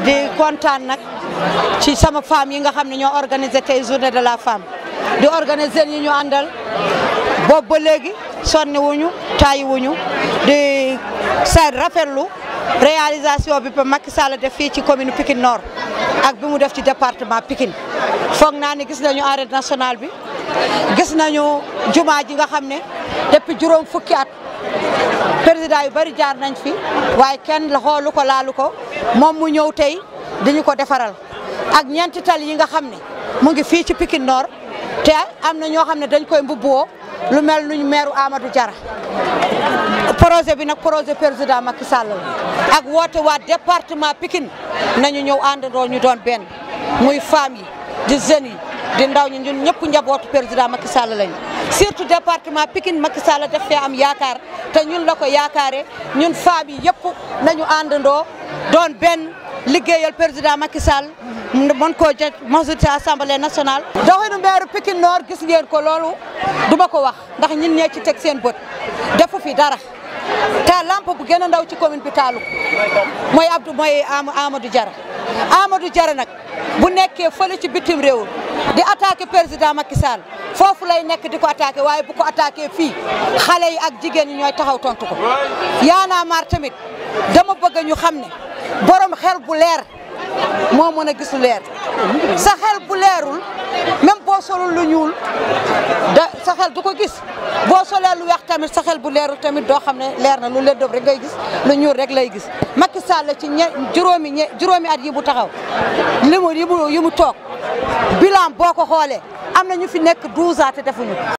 di kontaan nag ci sama femme yi nga xam ne ñoo organisé tey journée de la femme di organiser ñi ñu àndal boobu ba léegi ñu wuñu taayi wuñu di sa rafetlu réalisation bi ba Macky Sall def fii ci commune Pikine Nord ak bi mu def ci département Pikine foog naa ni gis nañu arène nationale bi gis nañu jumaa ji nga xam ne depuis juróom fukki at président yu bari jaar nañ fi waaye kenn la xoolu ko laalu ko moom mu ñëw tey dañu ko defaral ak ñeenti tal yi nga xam ne mu ngi fii ci Pikine Nord te am na ñoo xam ne dañ koy mbubboo lu mel nuñ meeru Amadou jara projet bi nag projet président Macky Sall la ak woote waa département Pikine nañu ñëw àndandoo ñu doon benn muy femmes yi di jeunes yi di ndaw ñi ñun ñepp njabootu président Macky Sall lañ surtout département Pikine Macky Sall def fi am yaakar te ñun la ko yaakaare ñun famille yépp nañu andando doon ben liggéeyal président Macky Sall mon ko jott majorité assemblée nationale doxinu mbéru Pikine Nord gis ngeen ko lolu duma ko wax ndax ñun ñe ci tek seen bot defu fi dara ta lampe bu gëna ndaw ci commune bi taluk moy Abdou moy Amadou jara Amadou jara nak bu nekkee fële ci bitim réew di attaqué président Macky Sall foofu lay nekk di ko attaqué waaye bu ko attaqué fii xale yi ak jigéen ñi ñooy taxaw tontu ko. yaanaa maar tamit dama bëgg ñu xam ne borom xel bu leer moo mën a gisu leer sa xel bu leerul même boo solul lu ñuul da sa xel du ko gis boo solee lu weex tamit sa bu leerul tamit doo xam ne leer na lu lëndëm rek ngay gis lu ñuul rek lay gis Macky Sall ci ñe juróomi ñe juróomi at yi bu taxaw li mu yi mu toog bilan boo ko xoolee am na ñu fi nekk 12 ans te